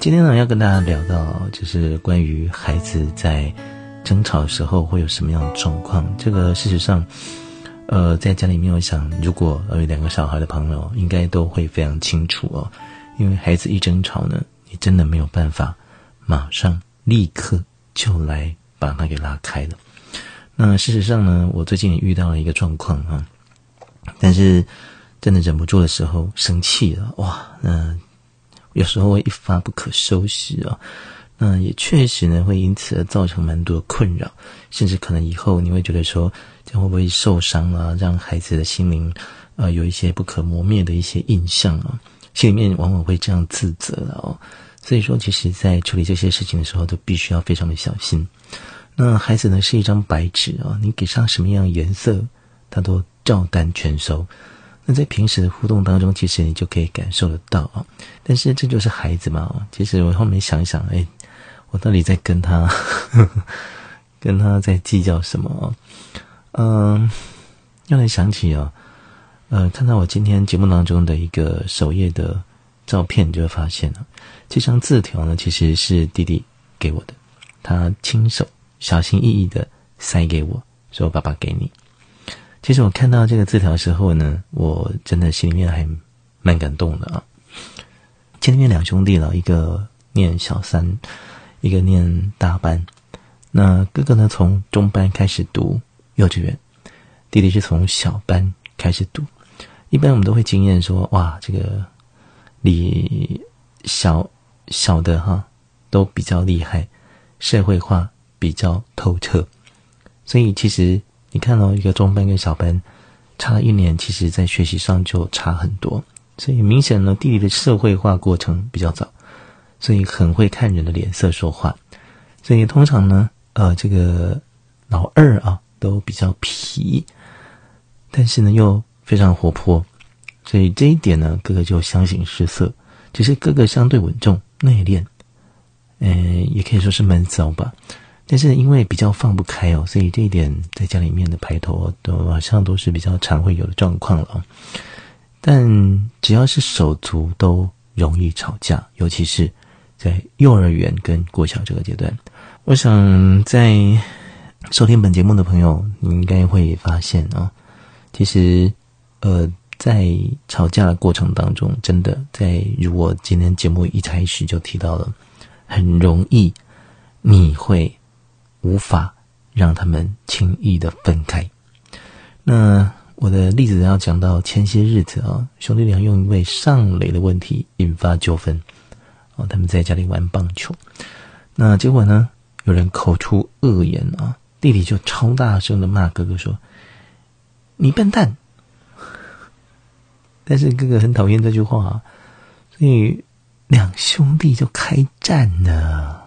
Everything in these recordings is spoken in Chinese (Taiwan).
今天呢，要跟大家聊到就是關於孩子在爭吵的時候會有什麼樣的狀況。這個事實上，呃，在家裡面，我想如果有兩個小孩的朋友，應該都會非常清楚哦。因為孩子一爭吵呢，你真的沒有辦法馬上立刻就來把他給拉開了。那事實上呢，我最近也遇到了一個狀況啊，但是真的忍不住的時候生氣了，哇，那，呃。有時候會一發不可收拾啊，那也確實呢，會因此而造成蠻多的困擾，甚至可能以後你會覺得說，這樣會不會受傷啊，讓孩子的心靈呃有一些不可磨滅的一些印象啊，心裡面往往會這樣自責的哦。所以說，其實，在處理這些事情的時候，都必須要非常的小心。那孩子呢是一張白紙啊、哦，你給上什麼樣的顏色，他都照單全收。在平時的互動當中，其實你就可以感受得到啊。但是這就是孩子嘛。其實我後面想一想，哎，我到底在跟他，呵呵跟他在計較什麼啊？嗯，後來想起哦、啊，呃，看到我今天節目當中的一個首頁的照片，你就會發現啊，這張字條呢，其實是弟弟給我的，他親手小心翼翼的塞給我，說：“爸爸，給你。”其實我看到這個字條的時候呢，我真的心裡面還蠻感動的啊。家裡面兩兄弟了，了一個念小三，一個念大班。那哥、個、哥呢，從中班開始讀幼稚園，弟弟是從小班開始讀。一般我們都會經驗說，哇，這個你小小的哈都比較厲害，社會化比較透徹。所以其實。你看到、哦、一個中班跟小班差了一年，其實在學習上就差很多，所以明顯呢，弟弟的社會化過程比較早，所以很會看人的臉色說話，所以通常呢，呃，這個老二啊都比較皮，但是呢又非常活潑，所以這一點呢，哥哥就相形失色。其實哥哥相對穩重內斂，嗯、哎，也可以說是悶騷吧。但是因為比較放不開哦，所以這一點在家裡面的排頭、哦、都好像都是比較常會有的狀況了、哦。但只要是手足都容易吵架，尤其是在幼兒園跟國小這個階段。我想在收聽本節目的朋友，你應該會發現啊、哦，其實呃，在吵架的過程當中，真的在如果今天節目一開始就提到了，很容易你會。無法讓他們輕易的分開。那我的例子要講到前些日子啊、哦，兄弟倆用一位上壘的問題引發糾紛。哦，他們在家裡玩棒球，那結果呢，有人口出惡言啊、哦，弟弟就超大聲的罵哥哥說：“你笨蛋！”但是哥哥很討厭這句話、啊，所以兩兄弟就開戰了。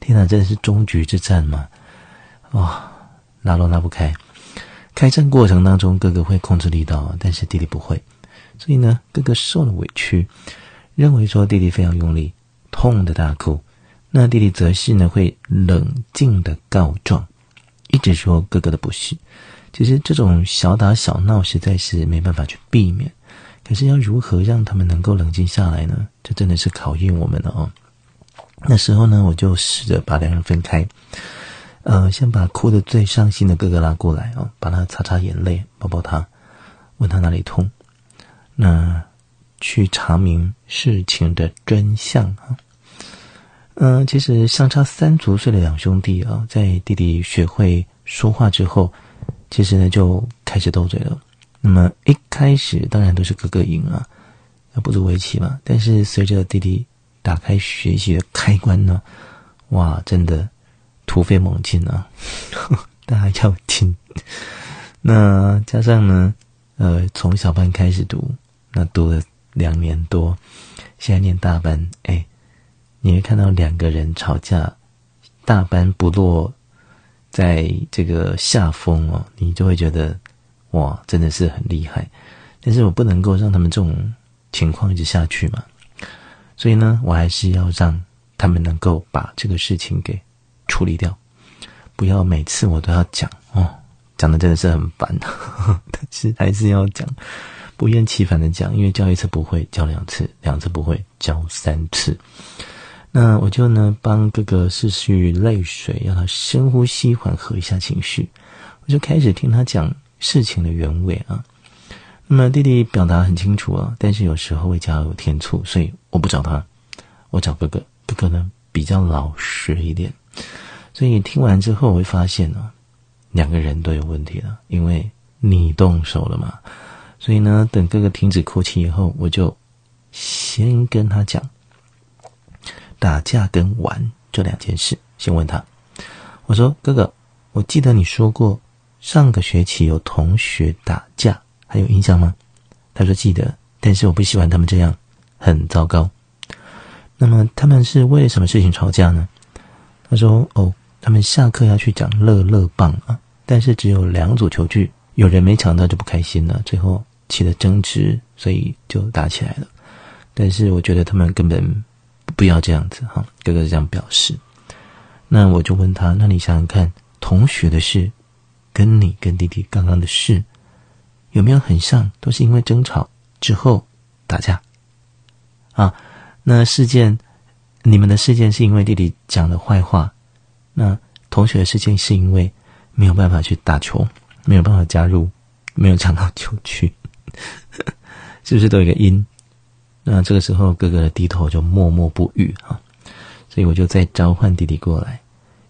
天哪，真的是終局之戰嗎？哇、哦，拉都拉不開。開戰過程當中，哥哥會控制力道，但是弟弟不會，所以呢，哥哥受了委屈，認為說弟弟非常用力，痛得大哭。那弟弟則是呢會冷靜地告狀，一直說哥哥的不是。其實這種小打小鬧實在是沒辦法去避免，可是要如何讓他們能夠冷靜下來呢？這真的是考驗我們了哦。那時候呢，我就試着把兩人分開，呃，先把哭得最傷心的哥哥拉過來啊、哦，把他擦擦眼淚，抱抱他，問他哪裡痛，那去查明事情的真相啊。嗯、呃，其實相差三足歲的兩兄弟啊、哦，在弟弟學會說話之後，其實呢就開始鬥嘴了。那麼一開始當然都是哥哥贏啊，那不足為奇嘛。但是隨着弟弟打開學習的開關呢，哇，真的突飛猛進啊！大家要聽。那加上呢，呃，從小班開始讀，那讀了兩年多，現在念大班，哎，你會看到兩個人吵架，大班不落在這個下風哦，你就會覺得哇，真的是很厲害。但是我不能夠讓他們這種情況一直下去嘛。所以呢，我還是要讓他們能夠把這個事情給處理掉，不要每次我都要講哦，講的真的是很煩呵呵，但是還是要講，不厭其煩的講，因為教一次不會，教兩次，兩次不會，教三次。那我就呢幫哥哥拭去淚水，讓他深呼吸，緩和一下情緒。我就開始聽他講事情的原委啊。那麼弟弟表達很清楚啊，但是有時候會加油添醋，所以我不找他，我找哥哥，哥哥呢比較老實一點。所以聽完之後，我會發現哦、啊，兩個人都有問題了，因為你動手了嘛。所以呢，等哥哥停止哭泣以後，我就先跟他講打架跟玩這兩件事，先問他。我說：“哥哥，我記得你說過，上個學期有同學打架。”還有印象嗎？他說記得，但是我不喜歡他們這樣，很糟糕。那麼他們是為了什麼事情吵架呢？他說：“哦，他們下課要去講樂樂棒啊，但是只有兩組球具，有人沒搶到就不開心了，最後起了爭執，所以就打起來了。但是我覺得他們根本不要這樣子。”哈，哥哥這樣表示。那我就問他：“那你想想看，同學的事跟你跟弟弟剛剛的事？”有沒有很像？都是因為爭吵之後打架啊？那事件，你們的事件是因為弟弟講了壞話，那同學的事件是因為沒有辦法去打球，沒有辦法加入，沒有搶到球去， 是不是都有一個因？那這個時候，哥哥的低頭就默默不語啊。所以我就再召喚弟弟過來。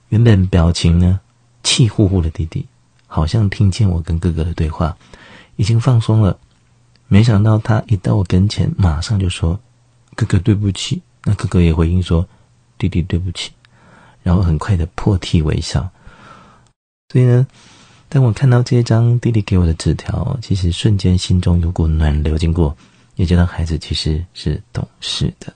原本表情呢氣呼呼的弟弟，好像聽見我跟哥哥的對話。已經放鬆了，沒想到他一到我跟前，馬上就說：“哥哥對不起。”那哥哥也回應說：“弟弟對不起。”然後很快的破涕為笑。所以呢，當我看到這張弟弟給我的紙條，其實瞬間心中有股暖流經過，也覺得孩子其實是懂事的。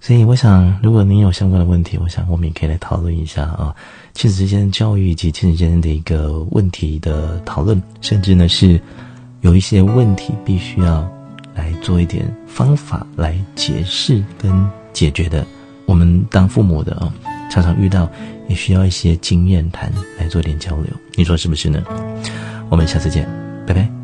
所以我想，如果您有相關的問題，我想我們也可以來討論一下啊，親子之間的教育以及親子間的一個問題的討論，甚至呢是。有一些問題必須要來做一點方法來解釋跟解決的，我們當父母的啊，常常遇到，也需要一些經驗談來做一點交流，你說是不是呢？我們下次見，拜拜。